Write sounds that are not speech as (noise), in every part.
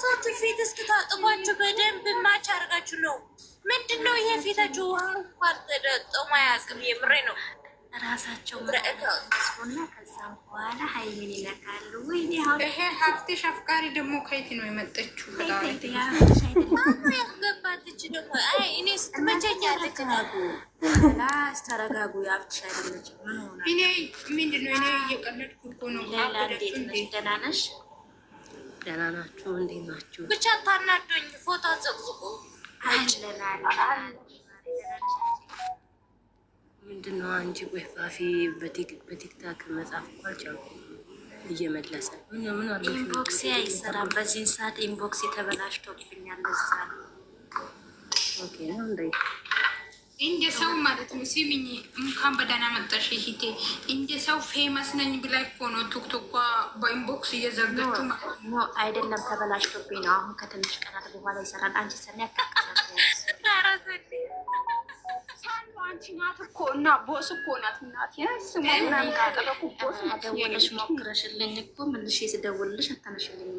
የራሳችሁ ፊት እስክታጥቧችሁ በደንብ ማች አድርጋችሁ ነው። ምንድን ነው ይሄ ፊታችሁ ውሃ እንኳን ተደጠሙ አያውቅም። የምሬ ነው። ራሳቸው እና ከዛም በኋላ ሀይሚን ይለካሉ። ወይኔ ይሄ ሀብቴሽ አፍቃሪ ደግሞ ከየት ነው የመጠችው? ያስገባት ደግሞ እኔ ስትመቸኛለች። ላስ ተረጋጉ። የአፍትሽ አይደለችም። ምን ሆና እኔ ምንድን ነው እኔ እየቀለድኩ እኮ ነው። ሌላ እንዴት ነሽ? ደህና ነሽ? ደህና ናችሁ? እንዴት ናችሁ? ብቻ ታናዶኝ ፎቶ አዘቅዝቁ። ምንድን ነው አንቺ? ቆይ ፋፊ በቲክታክ መጻፍ እኮ አልቻልኩም። እየመለሰ ምን ምን አለ ኢንቦክስ አይሰራም። በዚህን ሰዓት ኢንቦክስ ተበላሽቶብኛል። ለዛ ነው ኦኬ ነው እንዴ እንደ ሰው ማለት ነው። ሲሚኝ እንኳን በደህና መጣሽ ይሄቴ። እንደ ሰው ፌመስ ነኝ ብላ እኮ ነው ቱክቱኳ በኢንቦክስ እየዘጋችሁ ማለት ነው። አይደለም ተበላሽቶብኝ ነው። አሁን ከትንሽ ቀናት በኋላ ይሰራል። አንቺ ሰሚ አንቺ ናት እኮ እና ቦስ እኮ ናት እናት ስሙ ምናምን ጋጠበኩ ቦስ ደውልሽ ሞክረሽልኝ እኮ ምልሽ ስደውልልሽ አታነሽልኝ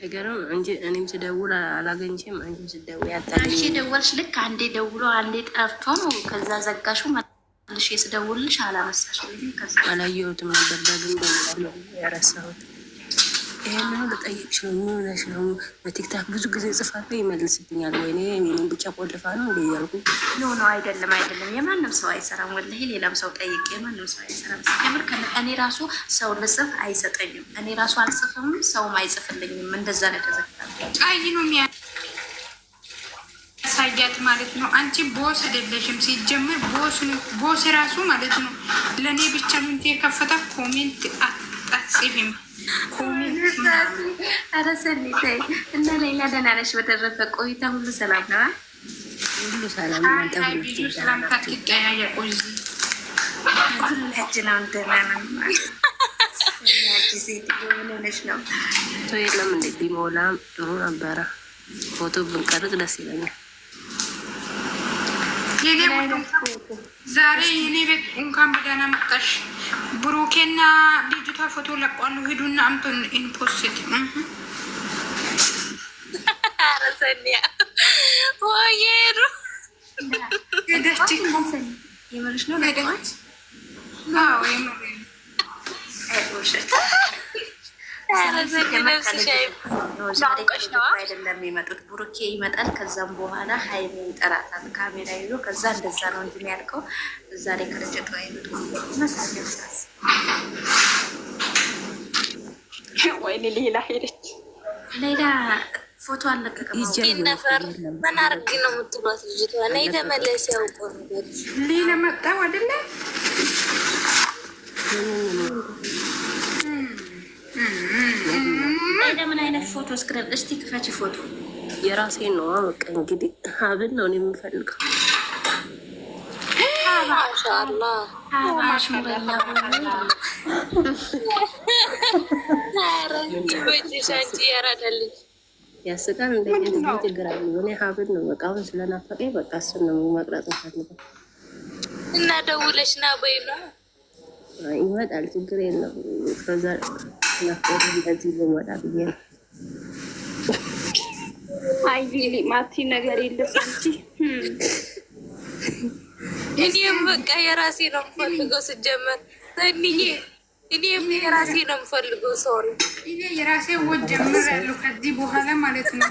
ነገረው እንጂ እኔም ስደውል አላገኝችም። አንቺም ስደውይ አታገኝም። አንቺ ደወልሽ፣ ልክ አንዴ ደውሎ አንዴ ጠፍቶ ነው። ከዛ ዘጋሹ መልሼ ስደውልሽ አላነሳሽም። አላየሁትም ነበር፣ ዳግም ደውላለሁ ያረሳሁት ይሄን አሁን ልጠይቅሽ ነው። ምን ሆነሽ ነው? በቲክታክ ብዙ ጊዜ ጽፋት ላይ ይመልስብኛል። ወይኔ እኔን ብቻ ቆልፋ ነው እንደ እያልኩ ኖ ኖ፣ አይደለም አይደለም፣ የማንም ሰው አይሰራም። ወላሂ ሌላም ሰው ጠይቅ፣ የማንም ሰው አይሰራም። ሲጀምር እኔ ራሱ ሰው ልጽፍ አይሰጠኝም። እኔ ራሱ አልጽፍም፣ ሰውም አይጽፍልኝም። እንደዛ ነው የተዘጋ ቃይ ነው የሚያሳያት ማለት ነው። አንቺ ቦስ አይደለሽም ሲጀምር፣ ቦስ ቦስ ራሱ ማለት ነው ለእኔ ብቻ ምንት የከፈታ ኮሜንት ኧረ ሰኒ ተይ እና ሌላ ደህና ነሽ? በተረፈ ቆይታ ሁሉ ሰላም ነው? ሁሉ ሰላም ነው። ሁላችንም ጥሩ ነበረ። ፎቶ ብንቀርጽ ደስ ይለኛል። የኔ ዛሬ የኔ ቤት እንኳን በደህና መጣሽ። ብሩኬና ልጅቷ ፎቶ ለቋሉ። ሂዱና አምቶ ኢንፖስት ረሰኒያ አይደለም የመጡት ብሩኬ ይመጣል። ከዛም በኋላ ሀይሜ ይጠራታል ካሜራ ይዞ። ከዛ እንደዛ ነው እንጂ ያልከው ዛሬ ከረጨጠ ወይኔ ሌላ ሄደች። ሌላ ፎቶ አልለቀቀም። ምን አድርጊ ነው የምትሏት ልጅቷ? ነይ ተመለስ። ያውቆንበት ሌላ መጣው አይደለ ምን አይነት ፎቶ እስክሪን እስቲ ክፈች ፎቶ የራሴን ነው። በቃ እንግዲህ ሀብን ነው የምፈልገው። ያስቃል። እኔ ሀብን ነው በቃ አሁን ስለናፈቀኝ በቃ ይመጣል። ችግር የለም ናፍቆት እንደዚህ ልወጣ ብዬ ነው። አይ ማቲ ነገር የለም አንቺ እኔም በቃ የራሴ ነው የምፈልገው። ስጀመር ሰኒዬ እኔም የራሴ ነው የምፈልገው። ሶሪ እኔ የራሴ ወድ ጀምር ያለው ከዚህ በኋላ ማለት ነው።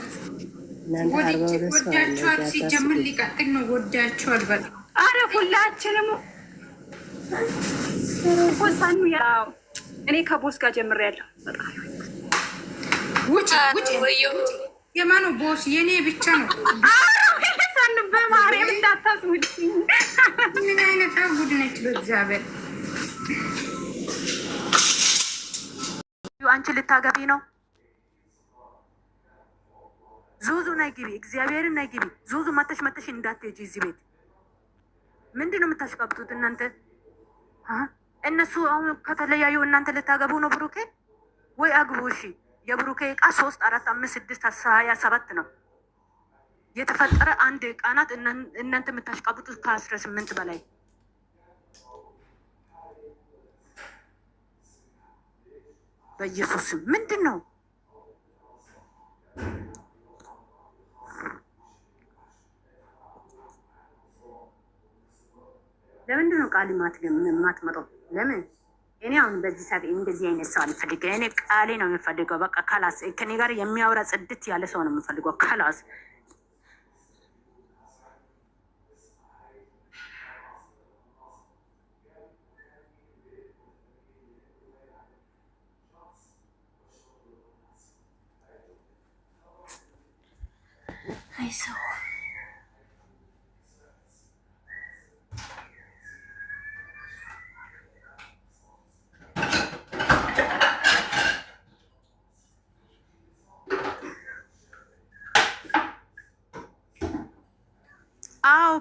ወዳችኋል ሲጀምር ሊቀጥል ነው። ወዳቸዋል። በቃ አረ ሁላችንም ሳኑ ያው እኔ ከቦስ ጋር ጀምሬያለሁ። ውጭ ውጭ የማኑ ቦስ የኔ ብቻ ነው። በማርያም እንዳታስሙድ። ምን አይነት ጉድ ነች! በእግዚአብሔር አንቺ ልታገቢ ነው። ዙዙ ነይ ግቢ፣ እግዚአብሔርን ነይ ግቢ። ዙዙ መተሽ መተሽ እንዳትሄጂ እዚህ ቤት ምንድን ነው የምታሽቃብጡት እናንተ? እነሱ አሁን ከተለያዩ እናንተ ልታገቡ ነው ብሩኬ? ወይ አግቡ። እሺ የብሩኬ እቃ ሶስት አራት አምስት ስድስት አስር ሀያ ሰባት ነው የተፈጠረ አንድ እቃ ናት። እናንተ የምታሽቃብጡት ከአስራ ስምንት በላይ በኢየሱስ ምንድን ነው? ለምንድን ነው ቃል ማትመጣው? ለምን እኔ አሁን በዚህ ሰዓት እንደዚህ አይነት ሰው አልፈልግም። እኔ ቃሌ ነው የምፈልገው። በቃ ከላስ ከኔ ጋር የሚያወራ ጽድት ያለ ሰው ነው የምፈልገው። ካላስ አይሰው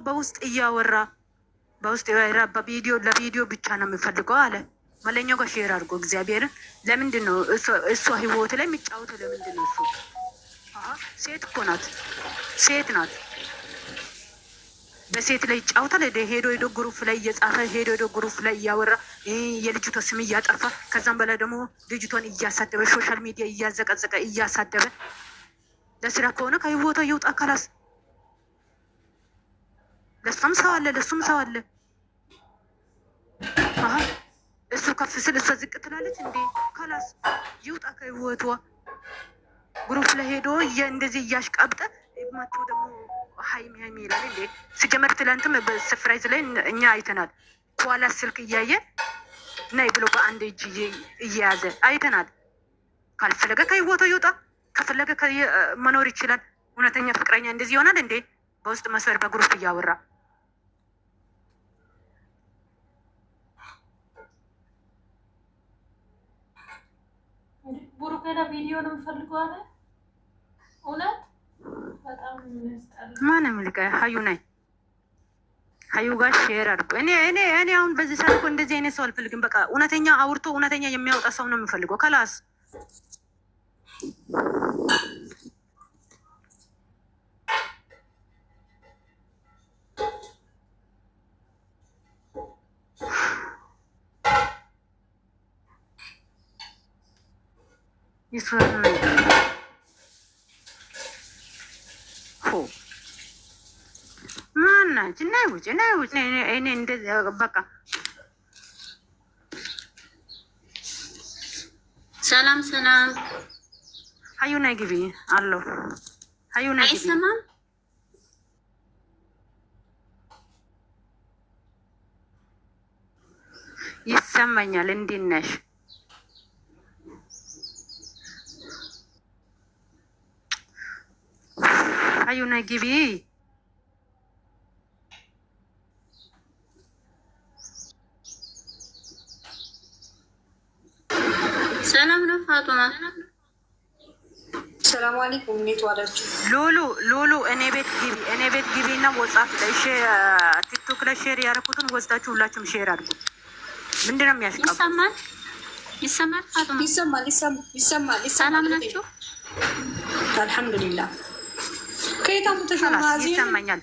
በውስጥ እያወራ በውስጥ ያወራ በቪዲዮ ለቪዲዮ ብቻ ነው የምፈልገው አለ መለኛው ጋር ሼር አድርጎ እግዚአብሔርን ለምንድን ነው እሷ ህይወት ላይ የሚጫወተው? ለምንድን ነው እሱ ሴት እኮ ናት፣ ሴት ናት። በሴት ላይ ይጫወታል። ሄዶ ሄዶ ግሩፍ ላይ እየጻፈ ሄዶ ሄዶ ግሩፍ ላይ እያወራ የልጅቷ ስም እያጠፋ ከዛም በላይ ደግሞ ልጅቷን እያሳደበ ሶሻል ሚዲያ እያዘቀዘቀ እያሳደበ ለስራ ከሆነ ከህይወቷ የውጣ አካላስ ለእሷም ሰው አለ፣ ለእሱም ሰው አለ። እሱ ከፍ ስል እሷ ዝቅ ትላለች። እንዴ ካላስ ይውጣ ከህይወቷ። ግሩፕ ለሄዶ እንደዚህ እያሽቃብጠ ማቸው ደግሞ ሀይሚ ሀይሚ ይላል። እንዴ ሲጀመር ትላንትም በሰርፕራይዝ ላይ እኛ አይተናል። ከኋላ ስልክ እያየ ናይ ብሎ በአንድ እጅ እየያዘ አይተናል። ካልፈለገ ከህይወቷ ይውጣ፣ ከፈለገ መኖር ይችላል። እውነተኛ ፍቅረኛ እንደዚህ ይሆናል እንዴ? በውስጥ መስበር በግሩፕ እያወራ ቡሩኬና ቪዲዮ ነው የምፈልገው አለ። እውነት በጣም ያስጠላል። ማንም ሀዩ ናይ ሀዩ ጋር ሼር አድርጎ እኔ እኔ እኔ አሁን በዚህ ሰዓት እኮ እንደዚህ አይነት ሰው አልፈልግም። በቃ እውነተኛ አውርቶ እውነተኛ የሚያወጣ ሰው ነው የምፈልገው ከላስ ይፈራኛል። ማናች ናይ ውጭ ናይ ውጭ እኔ እንደዚህ በቃ ሰላም ሰላም። ሀዩ ናይ ግቢ አለው ሀዩ ናይ ግቢ አይሰማም። ይሰማኛል። እንዴት ነሽ? አዩነ ግቢ ሰላም ነው ፋጡማ። ሰላም አለይኩም። እንዴት ዋላችሁ? እኔ ቤት ግቢ፣ እኔ ቤት ግቢ እና ወጻፍ ቲክቶክ ላይ ሼር ያደረኩትን ወስዳችሁ ሁላችሁም ሼር አድርጉ። ምንድን ነው ይሰማል፣ ይሰማል፣ ይሰማል፣ ይሰማል። ሰላም ናችሁ? አልሐምዱሊላህ ይሰማኛል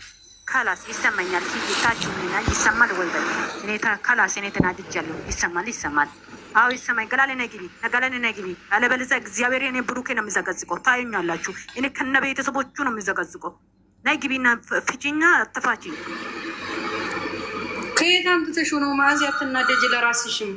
ከላስ ይሰማኛል። ታችሁ ሚና ይሰማል ወይ በል እኔ ከላስ እኔ ተናድጃለሁ። ይሰማል ይሰማል። አዎ ይሰማኝ። ገላሌ ነግቢ ገላሌ ነግቢ። አለበለዚያ እግዚአብሔር እኔ ብሩኬ ነው የሚዘቀዝቀው። ታዩኛላችሁ። እኔ ከነ ቤተሰቦቹ ነው የሚዘቀዝቀው። ነግቢና ፍጭኛ አትፋቺ። ከየት አምጥተሽ ነው ማዚ? አትናደጅ ለራስሽም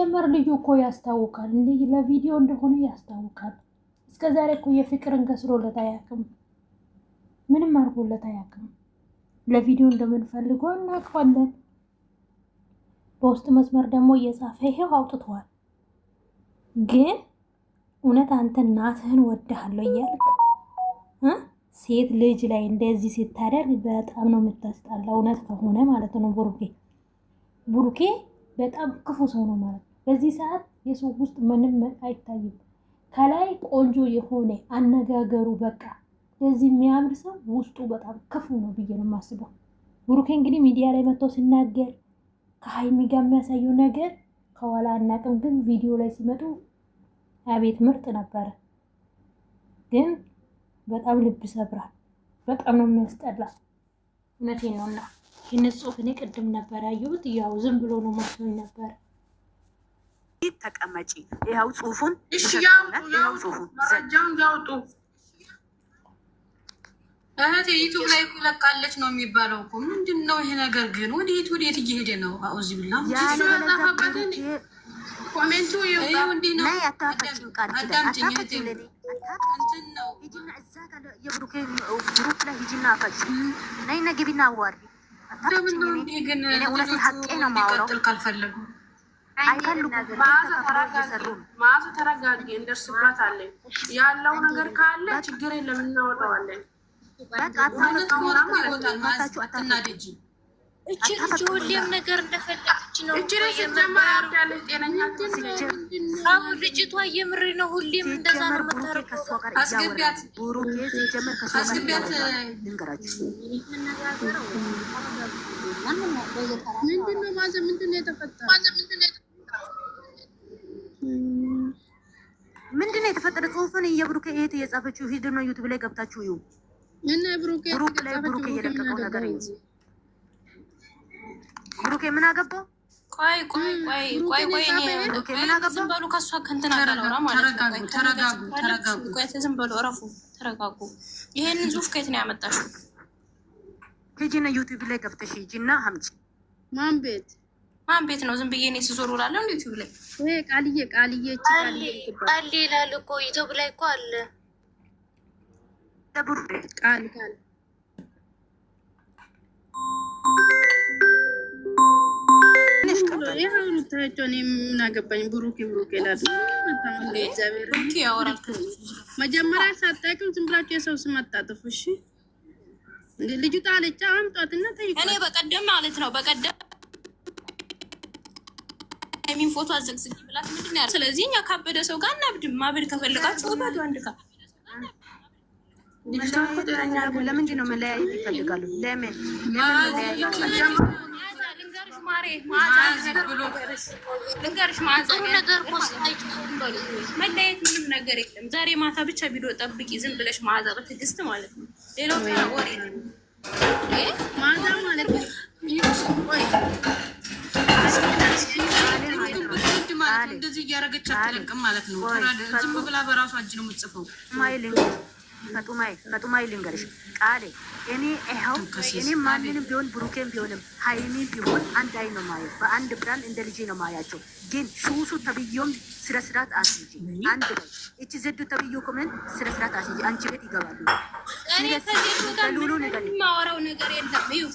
ሲጀመር ልዩ እኮ ያስታውቃል፣ እንዲህ ለቪዲዮ እንደሆነ ያስታውቃል። እስከ ዛሬ እኮ የፍቅርን ከስሮለት አያውቅም፣ ምንም አድርጎለት አያውቅም። ለቪዲዮ እንደምንፈልገው እናውቀዋለን። በውስጥ መስመር ደግሞ እየጻፈ ይሄው አውጥተዋል። ግን እውነት አንተ እናትህን ወድሃለሁ እያልክ ሴት ልጅ ላይ እንደዚህ ሲታደርግ በጣም ነው የምታስጠላ። እውነት ከሆነ ማለት ነው ቡሩኬ ቡሩኬ በጣም ክፉ ሰው ነው ማለት ነው። በዚህ ሰዓት የሰው ውስጥ ምንም አይታይም። ከላይ ቆንጆ የሆነ አነጋገሩ በቃ ለዚህ የሚያምር ሰው ውስጡ በጣም ክፉ ነው ብዬ ነው የማስበው። ብሩኬ እንግዲህ ሚዲያ ላይ መጥተው ሲናገር ከሀይሚ ጋር የሚያሳየው ነገር ከኋላ አናቅም፣ ግን ቪዲዮ ላይ ሲመጡ አቤት ምርጥ ነበረ። ግን በጣም ልብ ሰብራል። በጣም ነው የሚያስጠላ። እውነቴ ነውና ይህን ጽሁፍ እኔ ቅድም ነበር ያየሁት። ያው ዝም ብሎ ነው መስሎኝ ነበር። ተቀመጪ። ይኸው ጽሁፉን ይኸው ጽሁፉን መረጃውን ያውጡ። እህቴ ዩቱብ ላይ እኮ ለቃለች ነው የሚባለው እኮ ምንድን ነው ይሄ ነገር? ግን ወዴት ወዴት እየሄደ ነው? አውዚ ብላ ኮሜንቱ ነው። ነው ግን ነው ማዕዙ ተረጋጊ፣ እንደርስባታለን። ያለው ነገር ካለ ችግር የለም እናወጣዋለን። እቺ ልጅ ሁሌም ነገር እንደፈለገች ነው። አሁን ልጅቷ የምሬ ነው፣ ሁሌም እንደዛ ነው የምታረገው። አስገቢያት ምንድን ነው የተፈጠረ? ጽሁፍን የብሩኬ እህት እየጻፈችው ሂድ ነው ዩቱብ ላይ ገብታችሁ ይሁ ብሩክ ላይ ብሩክ እየለቀቀው ነገር ይ ብሩኬ ምን አገባው? ቆይ ቆይ ቆይ ቆይ ቆይ ዝም በሉ። ከእሷ ከእንትና ጋር ማለት ነው። ተረጋጉ ተረጋጉ። ቆይ ዝም በሉ፣ እረፉ፣ ተረጋጉ። ይሄንን ጽሁፍ ከየት ነው ያመጣሽው? ሂጂና ዩቲዩብ ላይ ገብተሽ ሂጂና አምጪ። ማን ቤት ማን ቤት ነው? ዝም ብዬ እኔ ስዞር ውላለሁ። እንደ ዩቲዩብ ላይ ቃልዬ ቃልዬ ቃል ይላል እኮ ዩቲዩብ ላይ እኮ አለ ቃል ቃል ይሁንታቸው እኔ ምን አገባኝ። ብሩኬ ብሩኬ ላሉ መጀመሪያ ሳታውቂው ዝም ብላችሁ የሰው ስም አታጥፉ። እሺ ልጁ ጣለች አምጧትና እኔ በቀደም ማለት ነው በቀደም የሚን ፎቶ አዘግዝግ ብላት ምንድን ነው? ስለዚህ እኛ ካበደ ሰው ጋር እናብድም። ማበድ ከፈልጋችሁ ወባዱ አንድ ጋር ለምንድን መለያየት ይፈልጋሉ? ለምን ምንም ነገር የለም። ዛሬ ማታ ብቻ ቢዶ ጠብቂ፣ ዝም ብለሽ ማዛ በትዕግስት ማለት ነው። ሌላው ወሬ ማዛ ማለት ነው እንደዚህ እያደረገች አትለቅም ማለት ነው። ዝም ብላ በራሷ እጅ ነው የምትጽፈው። ፈጡማይ ፈጡማይ ልንገርሽ ቃሌ እኔ ይኸው እኔ ማንንም ቢሆን ብሩኬን ቢሆንም ሀይሚ ቢሆን አንድ አይ ነው ማየው፣ በአንድ ብራን እንደ ልጄ ነው ማያቸው። ግን ሱሱ ተብዮም ስረ ስርዓት አስይጂ አንድ ላይ እቺ ዘዱ ተብዮ ኮመን ስረ ስርዓት አስይጂ አንቺ ቤት ይገባሉ። እኔ ማወራው ነገር የለም።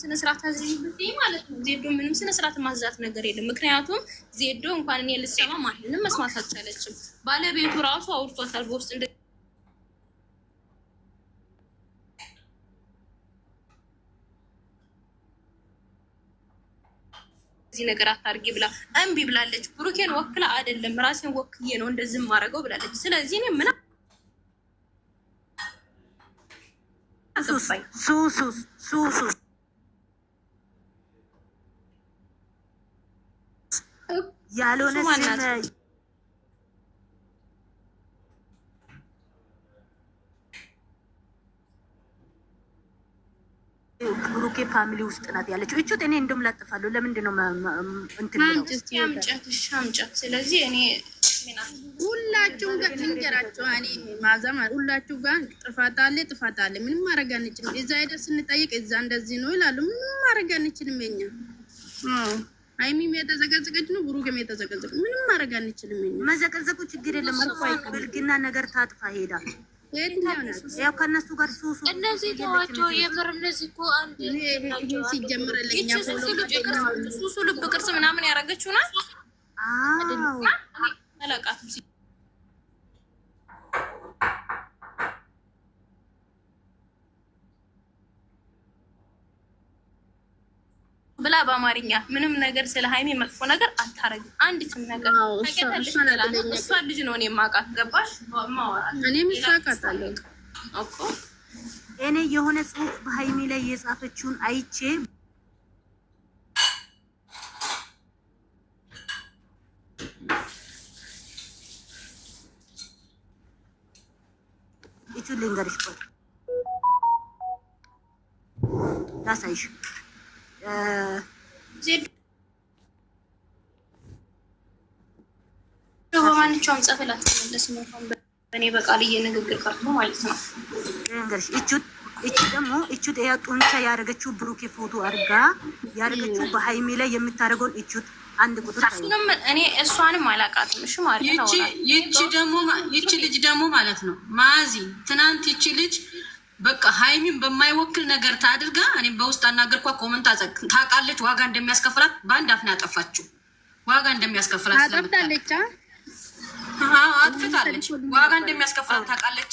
ስነ ስርዓት አስይጂ ማለት ነው። ዜዶ ምንም ስነ ስርዓት ማዛት ነገር የለም። ምክንያቱም ዜዶ እንኳን እኔ ልሰማ ማንንም መስማት አልቻለችም። ባለቤቱ ራሱ አውርቷታል በውስጥ እንደ እንደዚህ ነገር አታርጊ ብላ እምቢ ብላለች። ብሩኬን ወክላ አይደለም ራሴን ወክዬ ነው እንደዚህ ማድረገው ብላለች። ስለዚህ እኔ ምና ያልሆነ ብሩኬ ፋሚሊ ውስጥ ናት ያለችው። እችት እኔ እንደም ላጥፋለሁ። ለምንድን ነው እንትን አምጫት? ስለዚህ እኔ ሁላችሁም ጋር ልንገራችሁ፣ እኔ ማዛም ሁላችሁ ጋር ጥፋት አለ፣ ጥፋት አለ። ምንም ማድረግ አንችልም። እዛ ሄደን ስንጠይቅ እዛ እንደዚህ ነው ይላሉ። ምንም ማድረግ አንችልም። የኛ አይሚም የተዘገዘገች ነው፣ ብሩኬም የተዘገዘገ ምንም ማድረግ አንችልም። መዘቀዘቁ ችግር የለም። ብልግና ነገር ታጥፋ ሄዳ ያው ከእነሱ ጋር ሱሱ እነዚህ ተዋቸው። የምር እነዚህ እኮ አንድ ሱሱ ልብ ቅርጽ ምናምን ያደረገችው ናት። ብላ በአማርኛ ምንም ነገር ስለ ሀይሜ መጥፎ ነገር አታረግም። አንዲትም ነገር እሷ ልጅ ነው እኔ የማውቃት ገባሽ? እኔም ሳቃታለሁ እኔ የሆነ ጽሁፍ በሀይሜ ላይ የጻፈችውን አይቼ ይቹ ልንገርሽ ላሳይሽ በማንኛውም ጸፍ ላትመለስም በእኔ በቃል እየንግግር ቀርቶ ማለት ነው። እንግዲህ ደግሞ እቹ ጡንቻ ያደረገችው ብሩኬ ፎቶ አድርጋ ያደረገችው በሀይሚ ላይ የምታደርገውን እቹ አንድ ቁጥር እኔ እሷንም አላውቃትም። እሺ ማለት ነው። ይቺ ደግሞ ይቺ ልጅ ደግሞ ማለት ነው ማዚ ትናንት ይቺ ልጅ በቃ ሀይሚን በማይወክል ነገር ታድርጋ። እኔም በውስጥ አናገርኳ። ኮመንት ታውቃለች፣ ዋጋ እንደሚያስከፍላት በአንድ አፍና ያጠፋችው ዋጋ እንደሚያስከፍላት ስለምታለች አጥፍታለች። ዋጋ እንደሚያስከፍላት ታውቃለች።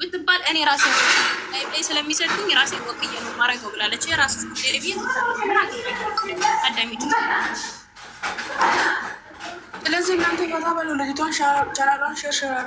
ብትባል እኔ ራሴ ላይ ስለሚሰዱኝ ራሴ ወክዬ ነው ማረገው ብላለች። ራሱ አዳሚቱ ስለዚህ እናንተ ቦታ በሉ ልጅቷን ሸራሯን ሸርሸራሉ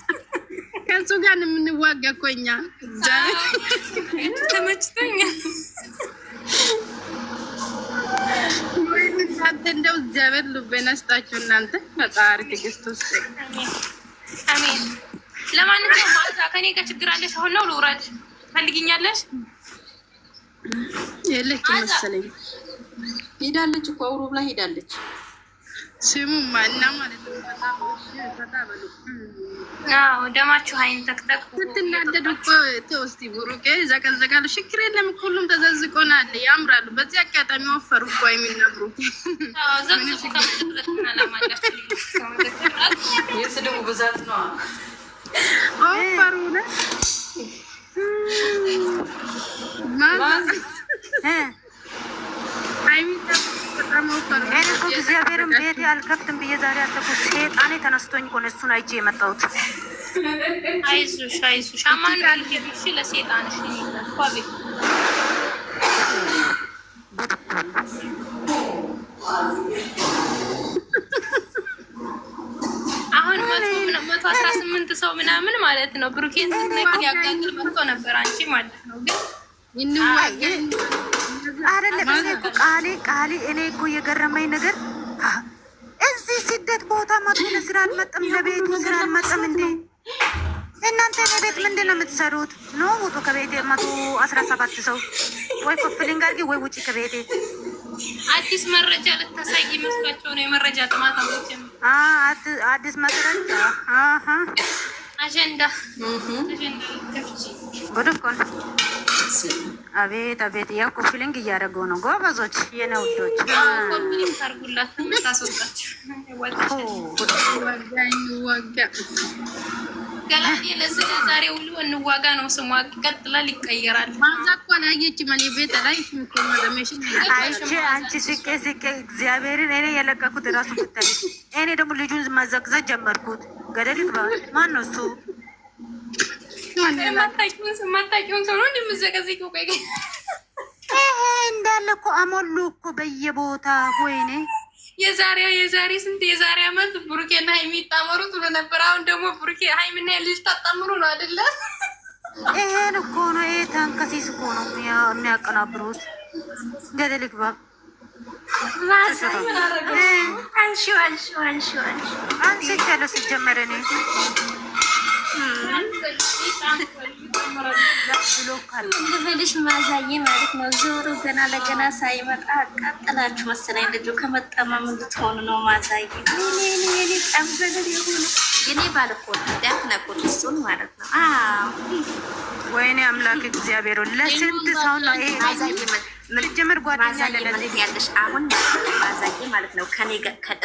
ከእሱ ጋር የምንዋጋ እኮ እኛ ተመችቶኛል። እናንተ እንደው እግዚአብሔር ልቤን አስጣችሁ። እናንተ ፈጣሪ ትዕግስት ውስጥ አሜን። ለማንኛውም ማታ ከኔ ጋር ችግር አለሽ? አሁን ነው ልውረድ? ፈልግኛለሽ? የለች መሰለኝ ሄዳለች እኮ አውሮብ ላይ ሄዳለች። ስሙማ እና ማለት ነው ደማችሁ ሀይን ተክተክ ስትናደዱ እኮ ተው እስኪ ብሩቄ ዘቀዘቃል። ችግር የለም እኮ ሁሉም ተዘዝቆናል፣ ያምራሉ። በዚህ አጋጣሚ ወፈሩ እኮ የሚና የስድቡ ብዛት ነው። ወፈሩ ነ እኔ እኮ እግዚአብሔርን ቤቴ አልከፍትም ብዬ ዛሬ አሰብኩት። ሴጣኔ ተነስቶኝ እኮ ነው እሱን አይቼ የመጣሁት። አይዞሽ መቶ አስራ ስምንት ሰው ምናምን ማለት ነው። ብሩኬን ስትነግሪኝ ያጋግል መጥቶ ነበር አንቺ ማለት ነው ግን አይደለም እኔ እኮ ቃሌ ቃሌ እኔ እኮ የገረመኝ ነገር እዚህ ስደት ቦታ መጥቶ ለስራ አልመጣም፣ ለቤቱ ስራ አልመጣም። እንደ እናንተ እኔ ቤት ምንድን ነው የምትሰሩት? ኖ ውጡ ከቤቴ መቶ አስራ ሰባት ሰው ወይ ኮፍሊንግ አድርጊ ወይ ውጪ ከቤቴ። አዲስ መረጃ ልታሳይ መስሏቸው ነው የመረጃ ጥማት አዲስ መረጃ አጀንዳ አጀንዳ አቤት አቤት፣ ያው ኮፒሊንግ እያደረገው ነው። ጎበዞች የነውዶች ኮፒሊንግ አድርጉላት። ውሎ እንዋጋ ነው ስሟ። ይቀጥላል፣ ይቀየራል። ማዛ እኮ አላየችም። እኔ ቤት ላይ አንቺ ስቄ ስቄ እግዚአብሔርን እኔ የለቀኩት ራሱ ብታይ፣ እኔ ደግሞ ልጁን ማዘግዛት ጀመርኩት። ገደል ይግባ። ማን ነው እሱ? ማታቂውን ሰው ነው እንዳለ እኮ አሞሉ እኮ በየቦታ ወይኔ የዛሬ የዛሬ ስንት የዛሬ አመት ብሩኬና ሀይሚ ይጣመሩ ብሎ ነበር። አሁን ደግሞ ብሩኬ ሀይሚና ልጅ ታጣምሩ ነው አይደለ? ይሄን እኮ ነው ይሄ ተንከሲስ እኮ ነው የሚያቀናብሩት። ገደል ግባ አንሺ አንሺ አንሺ አንሺ አንቺ ሲጀመረ ነው ልብልሽ ማዛዬ ማለት ነው። ዞሮ ገና ለገና ሳይመጣ አቃጥላችሁ መሰለኝ። ልጁ ከመጣማ ምን ልትሆኑ ነው? ማዛዬ የኔ ባል እኮ ነው። እሱን ማለት ነው። ወይኔ አምላክ እግዚአብሔር ለስንት ሰው ነው ይሄ ስትጀምር ጓደኛ ያለሽ አሁን ባዛጌ ማለት ነው።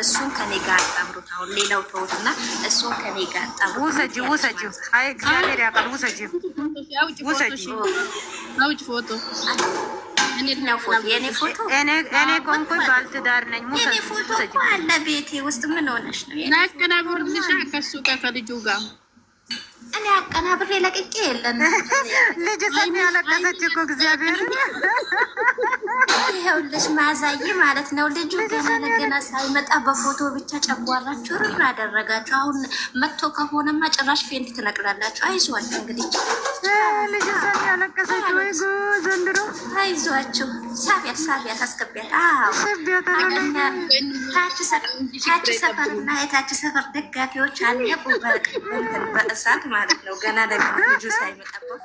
እሱን ከኔ ጋር አጣምሩት። አሁን ሌላው ተውት እና እሱን ከኔ ጋር አጣምሩት። ውሰጂ ውሰጂ፣ አይ እግዚአብሔር ያውቃል። ውሰጂ ውሰጂው። አውጭ ፎቶ የእኔ ፎቶ እኔ ኮንኮይ ባልትዳር ነኝ። ሙሰጂው ፎቶ አለ ቤቴ ውስጥ ምን ሆነሽ ነው? ናቅናብርልሻ ከሱ ጋር ከልጁ ጋር እኔ አቀናብሬ ለቅቄ የለን ልጅ ሰሚ ያለቀሰች እኮ እግዚአብሔር ይኸውልሽ፣ ማዛዬ ማለት ነው። ልጁ ገና ለገና ሳይመጣ በፎቶ ብቻ ጨጓራችሁ ርር አደረጋችሁ። አሁን መጥቶ ከሆነማ ጭራሽ ፌንት ትነቅላላችሁ። አይዟችሁ እንግዲህ ልጅ ሰሚ ያለቀሰች ወይ ጉዝ አይዟችሁ ሳቢያት ሳቢያት አስገቢያት። ታች ሰፈር እና የታች ሰፈር ደጋፊዎች አለቁ በእሳት ማለት ነው። ገና ደግሞ ልጁ ሳይመጣበት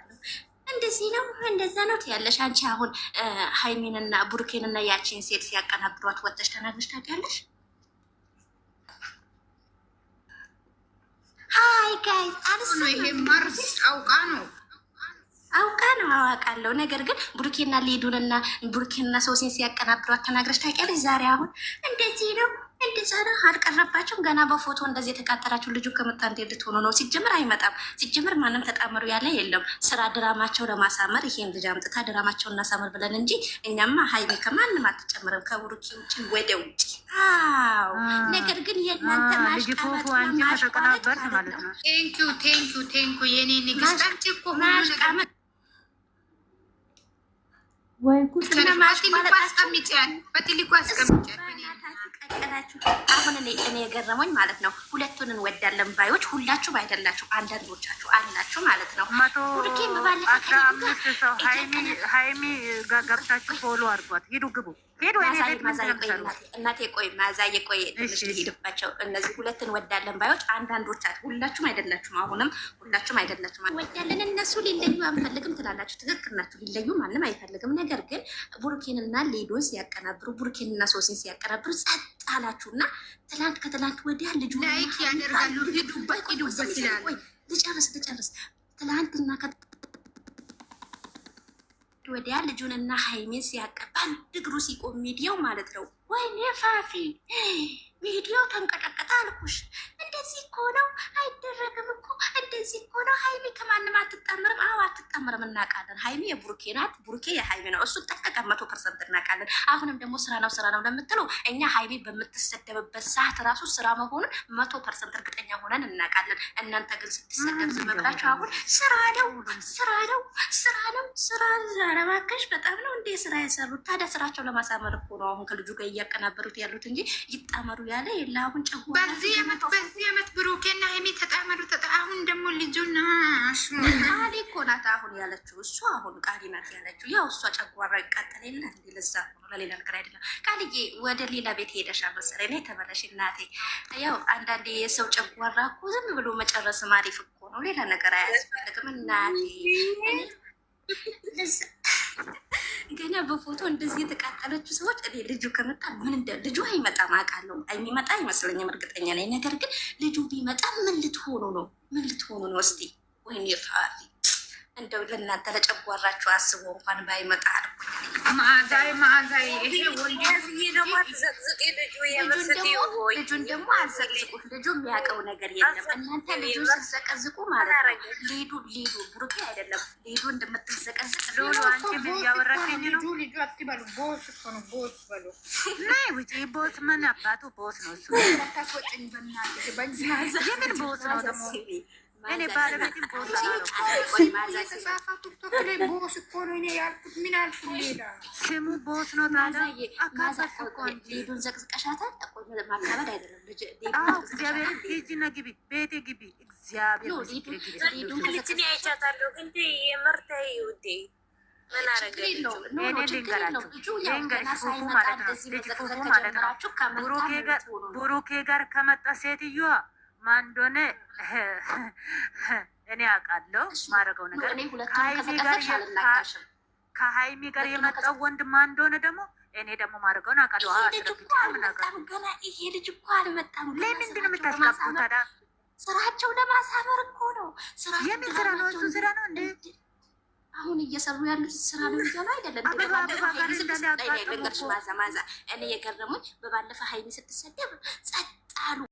እንደዚህ ነው እንደዛ ነው ትያለሽ። አንቺ አሁን ሀይሚንና ቡርኬንና ያቺን ሴት ሲያቀናብሯት ወጥተሽ ተናግረሽ ታውቂያለሽ? ሀይ ጋይዝ አርስ ይሄ ማርስ አውቃ ነው አውቃ ነው አዋቃለሁ። ነገር ግን ቡርኬና ሊዱንና ቡርኬንና ሰውሴን ሲያቀናብሯት ተናግረሽ ታውቂያለሽ? ዛሬ አሁን እንደዚህ ነው እንዲሰራ አልቀረባቸውም። ገና በፎቶ እንደዚህ የተቃጠላቸው ልጁ ከመጣ እንዴት ልትሆኑ ነው? ሲጀምር አይመጣም። ሲጀምር ማንም ተጣመሩ ያለ የለም። ስራ ድራማቸው ለማሳመር ይሄን ልጅ አምጥታ ድራማቸውን እናሳምር ብለን እንጂ እኛማ ሀይሜ ከማንም አትጨምርም ከቡሩኪ ውጭ ወደ ውጭ። አዎ ነገር ግን የእናንተ ማሽቃበጥ ማሽቃበጥ ማለት ነው። ቴንኪው ቴንኪው ቴንኪው የኔ ንግስት አንቺ እኮ ማሽቃበጥ ወይ ጉድ ነው። በትልቁ አስቀምጫል በትልቁ አስቀምጫል አሁን እኔ የገረመኝ ማለት ነው ሁለቱን እንወዳለን ባዮች ሁላችሁም አይደላችሁ፣ አንዳንዶቻችሁ አላችሁ ማለት ነው። ሀይሚ ገብታችሁ ፎሎ አድርጓት ሂዱ ግቡ እናቴ ቆይ ማዛዬ ቆይ ትንሽ ሄድባቸው። እነዚህ ሁለትን ወዳለን ባዮች አንዳንዶች ሁላችሁም አይደላችሁም፣ አሁንም ሁላችሁም አይደላችሁም። ወዳለን እነሱ ሊለዩ አንፈልግም ትላላችሁ። ትክክል ናችሁ። ሊለዩ ማንም አይፈልግም። ነገር ግን ቡርኬንና ሌዶን ሲያቀናብሩ፣ ቡርኬንና ሶሲን ሲያቀናብሩ ጸጥ አላችሁ አላችሁና ትላንት ከትላንት ወዲያ ልጁ ላይክ ያደርጋሉ። ሄዱበት ሄዱበት ይላል። ልጨርስ ልጨርስ ትላንትና ወዲያ ልጁንና ሀይሜን ሲያቀባ አንድ እግሩ ሲቆም ሚዲያው ማለት ነው። ወይኔ ፋፊ ቪዲዮው ተንቀጠቀጠ አልኩሽ። እንደዚህ እኮ ነው አይደረግም እኮ እንደዚህ እኮ ነው። ሀይሚ ከማንም አትጣምርም። አዎ አትጣምርም፣ እናውቃለን። ሀይሚ የቡርኬ ናት፣ ቡርኬ የሀይሚ ነው። እሱ ጠቀቀ መቶ ፐርሰንት እናውቃለን። አሁንም ደግሞ ስራ ነው ስራ ነው ለምትለው እኛ ሀይሚ በምትሰደብበት ሰዓት ራሱ ስራ መሆኑን መቶ ፐርሰንት እርግጠኛ ሆነን እናውቃለን። እናንተ ግን ስትሰደብ ዝም ብላችሁ አሁን ስራ ነው ስራ ነው ስራ ነው ስራ ረባከሽ በጣም ነው እንዴ ስራ የሰሩት ታዲያ ስራቸው ለማሳመር እኮ ነው አሁን ከልጁ ጋር እያቀናበሩት ያሉት እንጂ ይጣመሩ ያለ የለ አሁን ጨጓራ በዚህ ዓመት ብሩኬና ሀይሚ ተጣመሩ። አሁን ደግሞ ልጁን ቃሊ እኮ ናት አሁን ያለችው እሱ አሁን ቃሊ ናት ያለችው ያው እሷ ጨጓራ ይቃጠል የለ እንዲ ለዛ ሆኖ ለሌላ ነገር አይደለም። ቃልዬ ወደ ሌላ ቤት ሄደሻ መሰለኝ። እኔ ተመለሽ እናቴ። ያው አንዳንዴ የሰው ጨጓራ እኮ ዝም ብሎ መጨረስ ማሪፍ እኮ ነው። ሌላ ነገር አያስፈልግም እናቴ በፎቶ እንደዚህ የተቃጠለችው ሰዎች እኔ ልጁ ከመጣ ምን እንደ ልጁ አይመጣም አውቃለሁ፣ የሚመጣ አይመስለኝም፣ እርግጠኛ ላይ ነገር ግን ልጁ ቢመጣ ምን ልትሆኑ ነው? ምን ልትሆኑ ነው? እስቲ ወይኔ ፈሪ እንደው ለእናንተ ለጨጓራችሁ አስቦ እንኳን ባይመጣ አልኩ። ማዕዛይ ማዕዛይ ይሄ ወንድ ልጁን ደግሞ አዘቅዝቁት። ልጁ የሚያውቀው ነገር የለም። እናንተ ልጁ ስትዘቀዝቁ ማለት ነው። ሊዱ ሊዱ ብሩኬ አይደለም ሊዱ እንደምትዘቀዝቅ ልጁ ልጁ አትበሉ። ቦስ እኮ ነው። ቦስ በሉ። (laughs) ቦስ ምን አባቱ ቦስ ነው እሱ። የምን ቦስ ነው ደግሞ እኔ ባለቤትም ቦስ እኮ ነው እኔ ያልኩት። ምን አልኩ? ሌላ ስሙ ቦስ ነው። ታዲያ ሊዱን ዘቅዝቀሻታል። ማካበድ አይደለም። እግዚአብሔር ሂጂና ግቢ፣ ቤቴ ግቢ። እግዚአብሔር አይቻታለሁ። ብሩኬ ጋር ከመጣ ሴትዮዋ ማን እንደሆነ እኔ አውቃለሁ። ማድረገው ነገር ከሀይሚ ጋር የመጣው ወንድ ማን እንደሆነ ደግሞ እኔ ደግሞ ማድረገውን አውቃለሁ። ይሄ ልጅ እኮ አልመጣም። ለምንድን ነው የምታስቀቡት ታዲያ? ስራቸው ለማሳመር እኮ ነው። የምን ስራ ነው? እሱ ስራ ነው እንዴ? አሁን እየሰሩ ያሉት ስራ ነው እያሉ አይደለም። ማዛ ማዛ እኔ የገረሙኝ በባለፈ ሀይሚ ስትሰደብ ጸጥ አሉ።